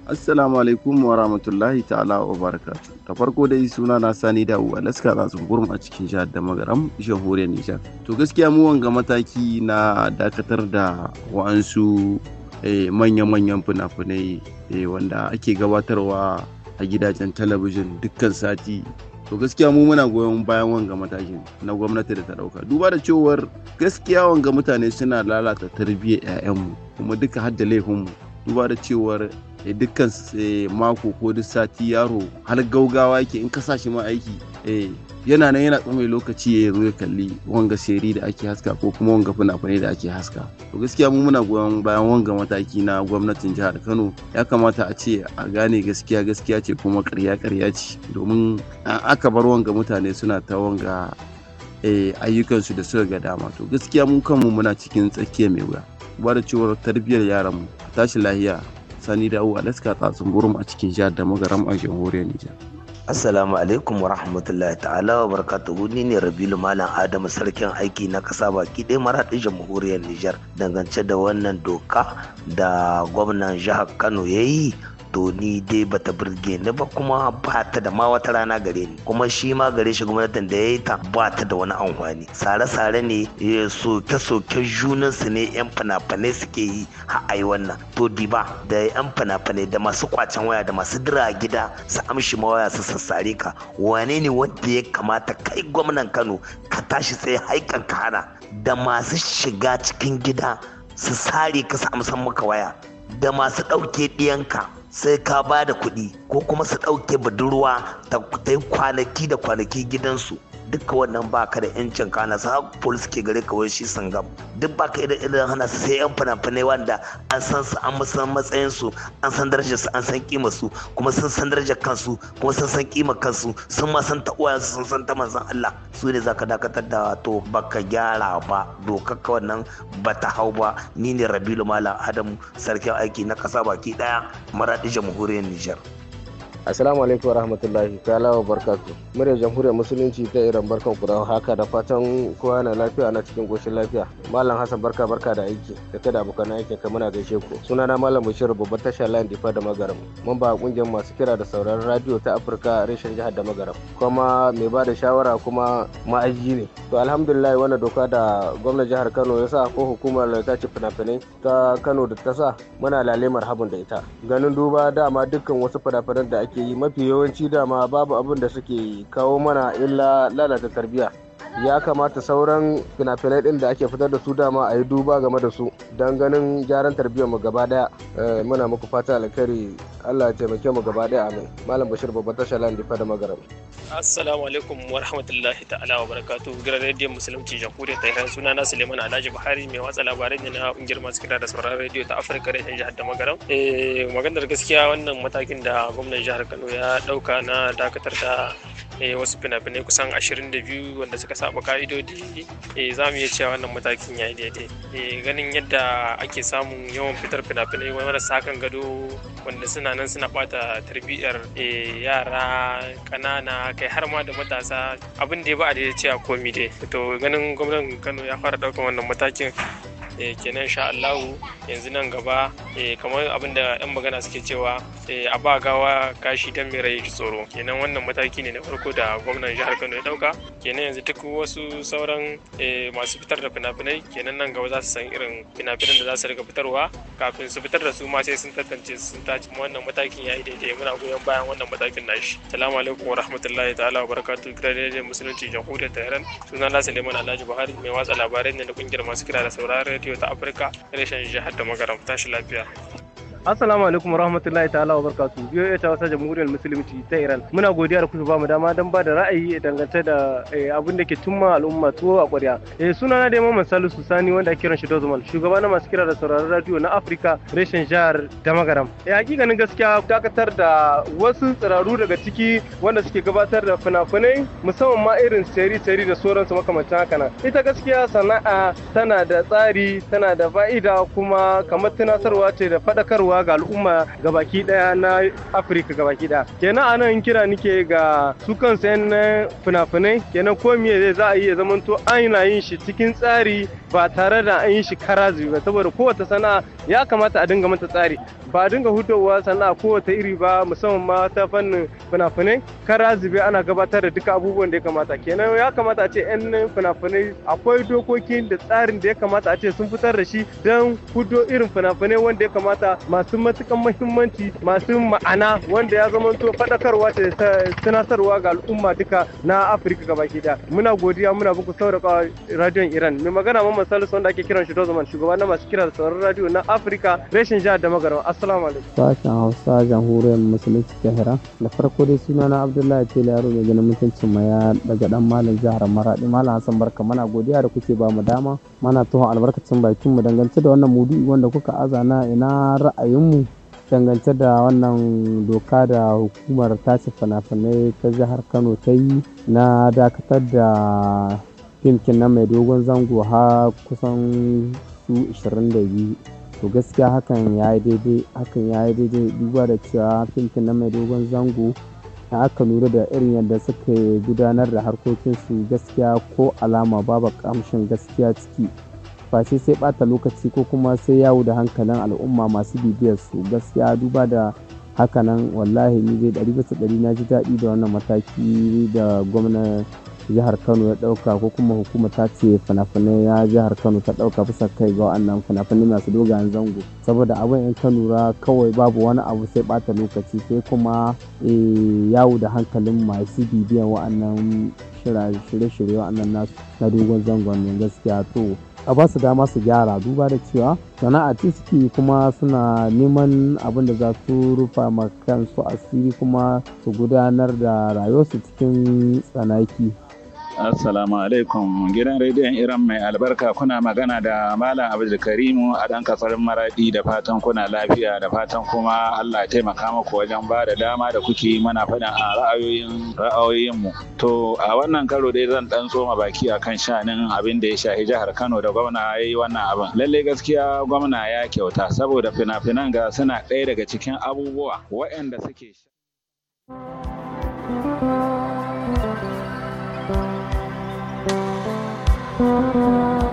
assalamu alaikum wa rahmatullahi ta'ala wa baraka. ta farko dai suna na sani da uwa laska tsatsun gurum a cikin jihar da magaram jamhuriyar nijar to gaskiya mu wanga mataki na dakatar da wa'ansu eh, manya-manyan fina-finai eh, wanda ake gabatarwa a gidajen talabijin dukkan sati to gaskiya mu muna goyon bayan wanga matakin na gwamnati da ta dauka duba da cewar gaskiya wanga mutane suna lalata tarbiyyar 'ya'yanmu kuma duka hadda laifinmu duba da cewar Eh, dukkan eh, mako ko duk sati yaro har gaugawa yake in ka sa shi ma aiki eh, yana nan yana tsamai lokaci ya zo ya kalli wanga seri da ake haska ko kuma wanga fina-finai da ake haska to gaskiya mu muna goyon bayan wanga mataki na gwamnatin jihar kano ya kamata a ce a gane gaskiya gaskiya ce kuma karya karya ce domin aka bar wanga mutane suna ta wanga ayyukansu da suka ga dama to gaskiya mu kanmu muna cikin tsakiya mai wuya ba da cewar tarbiyyar yaranmu a tashi lahiya Sani Dawo a Laska Tsatsun gurum a cikin jihar da Magaram a jamhuriyar Nijar. Assalamu alaikum wa rahmatullahi ta'ala wa barakatuhu ni ne Rabilu Malam Adamu sarkin aiki na kasa baki ɗaya maraɗi jamhuriyar Nijar dangance da wannan doka da gwamnan jihar Kano ya yi to ni dai bata burge ni ba kuma ba ta da ma wata rana gare ni kuma shi ma gare shi gwamnatin da ya yi ta ba ta da wani amfani sare-sare ne ya eh, soke-soke su ne yan fina-finai suke yi har ai wannan to diba da yan fina-finai da masu kwacen waya da masu dira gida su amshi mawaya su sassare ka wane ne wanda ya kamata kai gwamnan kano ka tashi sai haikan ka hana da masu shiga cikin gida su sare ka su amsan maka waya da masu ɗauke ɗiyanka sai ka ba da kuɗi ko kuma su ɗauke budurwa ta yi kwanaki da kwanaki gidansu duka wannan baka da yancin kana su hakul suke gare ka wai shi sangam duk baka idan idan hana su sai yan fina wanda an san su an san matsayin su an san darajar su an san kima su kuma sun san darajar kansu kuma sun san kima kansu sun ma san ta su sun san ta Allah su ne zaka dakatar da to baka gyara ba dokar ka wannan bata hau ba ni ne Rabilu Malam Adamu sarkin aiki na kasa baki daya maradi jamhuriyar Nijar. Assalamu alaikum warahmatullahi ta'ala wa barkatu. Murya Jamhuriyar Musulunci ta Iran barkan ku haka da fatan kowa na lafiya na cikin goshin lafiya. Malam Hassan barka barka da aiki da kai da abokan aiki ka muna gaishe ku. Sunana Malam Bashir babban tashar Lion Difa da Magaram. ba kungiyar masu kira da sauraron radio ta Afirka reshen jihar da Magaram. Kuma mai ba da shawara kuma ma'aji ne. To alhamdulillah wannan doka da gwamnan jihar Kano ya sa ko hukumar ta ci fina-finai ta Kano da ta sa muna lalemar habun da ita. Ganin duba dama dukkan wasu fina-finan da ake suke yi mafi yawanci dama babu abin da suke kawo mana illa lalata tarbiyya ya kamata sauran fina-finai din da ake fitar da su dama a yi duba game da su don ganin gyaran tarbiyyar mu gaba daya eh, muna muku fata alkhairi Allah taimake mu gaba daya amin malam bashir babban tasha landi fa da magaram assalamu alaikum wa rahmatullahi ta'ala wa barakatu. gidan rediyon musulunci jamhuriyar tehran suna na suleiman alhaji buhari mai watsa labarai ne na kungiyar masu kira da sauran rediyo ta afirka reshen jihar da magaram eh, maganar gaskiya wannan matakin da gwamnan jihar kano ya ɗauka na dakatar da Eh, wasu fina-finai kusan 22 wanda suka saba ka'idodi eh, za mu iya cewa wannan matakin ya yi daidai eh, ganin yadda ake samun yawan fitar fina-finai marasa kan gado wanda suna nan suna bata tarbiyyar yara kanana kai har ma da matasa abin da ya ba a daidai cewa komi dai to ganin gwamnan kano ya fara ɗaukar wannan matakin Eh, kenan sha Allahu yanzu nan gaba eh, kamar abin da 'yan magana suke cewa eh, a ba gawa kashi ta mai rai tsoro kenan wannan mataki ne na farko da gwamnan jihar Kano ya dauka kenan yanzu duk wasu sauran masu fitar da fina-finai kenan nan gaba za su san irin fina-finan da za su riga fitarwa kafin su fitar da su ma sai sun tantance sun tace wannan matakin ya yi daidai muna goyon bayan wannan matakin nashi salamu alaikum wa rahmatullahi ta'ala wa barakatuh gidan musulunci jamhuriyar tehran sunan lasa leman alhaji buhari mai watsa labarai ne da kungiyar masu kira da sauraron radio ta afirka reshen jihar da magaram tashi lafiya Assalamu alaikum warahmatullahi ta'ala wa barkatu. Biyo ya ta wasa jamhuriyar musulunci ta Iran. Muna godiya da kuka ba mu dama don ba da ra'ayi dangance da eh, abin da ke tumma al'umma tuwo a ƙwarya. suna eh, sunana da Imam Salisu Sani wanda ake kiran shi Dozman, shugaba na masu kira da sauraron radio na Afirka, reshen jihar Damagaram. Eh hakikanin gaskiya dakatar da wasu tsiraru daga ciki wanda suke gabatar da fina-finai musamman ma irin tsari-tsari da sauransu makamancin haka nan. Ita gaskiya sana'a tana da tsari, tana da fa'ida kuma kamar tunatarwa ce da faɗakarwa gabatarwa ga al'umma gabaki daya na afirka gabaki daya kenan anan kira nike ga su kansu yan fina-finai kenan ko miye zai za a iya zamanto an yana yin shi cikin tsari ba tare da an yi shi karazi ba saboda kowace sana'a ya kamata a dinga mata tsari ba dinga hudowa sana'a kowace iri ba musamman ma ta fannin fina-finai bai ana gabatar da duka abubuwan da ya kamata kenan ya kamata a ce 'yan fina-finai akwai dokokin da tsarin da ya kamata a ce sun fitar da shi don hudo irin fina-finai wanda ya kamata masu matukan mahimmanci masu ma'ana wanda ya zamanto faɗakarwa da sanasarwa ga al'umma duka na afirka gaba daya muna godiya muna buku sauraka radiyon iran mai magana mamman salisu wanda ake kiran shi zaman shugaba na masu kira da sauran radiyo na afirka rashin jihar da magaran assalamu alaikum sashen hausa jamhuriyar musulunci tehran da farko dai suna na abdullahi tela yaro mai ganin mutuncin ya daga dan malam jihar maradi malam hassan barka mana godiya da kuke ba mu dama mana tuhon albarkacin bakin mu dangance da wannan mudu'i wanda kuka azana ina ra'ayi ra'ayinmu dangance da wannan doka da hukumar tace fina-finai ta jihar kano ta yi na dakatar da fimkin na mai dogon zango ha kusan su 22 to gaskiya hakan ya yi daidai hakan ya yi daidai duba da cewa fimkin na mai dogon zango na aka lura da irin yadda suka gudanar da harkokinsu gaskiya ko alama babu kamshin gaskiya ciki face sai bata lokaci ko kuma sai yawo da hankalin al'umma masu bibiyar su gaskiya duba da hakanan wallahi ni zai ɗari bisa ɗari na ji daɗi da wannan mataki da gwamnan jihar kano ya ɗauka ko kuma hukuma ta ce fina-finai ya jihar kano ta ɗauka bisa kai ga wannan fina-finai masu dogayen zango saboda abin in ka lura kawai babu wani abu sai ɓata lokaci sai kuma eh, yawo da hankalin masu bibiyan wa'annan shirye-shirye wa'annan na dogon zangon gaskiya to a ba su dama su gyara duba da cewa sana'a ce suke kuma suna neman abin da za su rufa ma kansu asiri kuma su gudanar da rayuwarsu cikin tsanaki Assalamu alaikum gidan rediyon Iran mai albarka kuna magana da Malam Abdulkarimu a ɗan kasar maraɗi, da fatan kuna lafiya da fatan kuma Allah taimaka muku wajen ba da dama da kuke mana faɗin a ra'ayoyin ra'ayoyinmu. To a wannan karo dai zan ɗan tsoma baki akan shanin abin da ya shahi jihar Kano da gwamna ya yi wannan abin. Lallai gaskiya gwamna ya kyauta saboda fina-finan ga suna ɗaya daga cikin abubuwa waɗanda suke. Thank you.